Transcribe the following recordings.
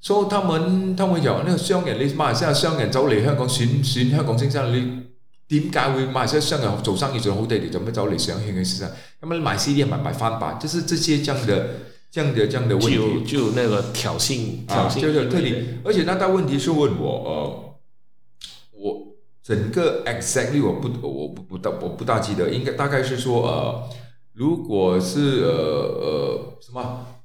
所以、so, 他們他們就那個香港，你馬來西亞商人走嚟香港選選香港先生，你點解會馬來西亞商人做生意做得好地嚟，做乜走嚟上海呢個市場？咁啊買 C 店買買翻版，就是這些這樣的、是這樣的、這樣的問題，有就就那個挑釁挑釁，就是對你，而且那大問題是問我，呃，我整個 exactly 我不我不我不大我不大記得，應該大概是說呃，如果是，呃，呃，什麼？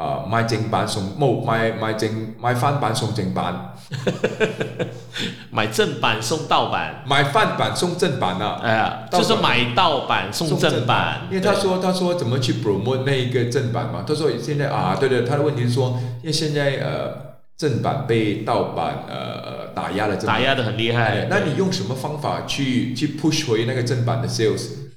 啊！買正版送某，買買正買翻版送正版， 買正版送盜版，買翻版送正版啊！哎、呀版就是買盜版送正版，正版對因為他話，他話怎麼去 promote 那一個正版嘛？他話，現在對啊，對對，他的問題是說，因為現在呃正版被盜版呃打壓了，打壓得很厲害。對對那你用什麼方法去去 push 回那個正版的 sales？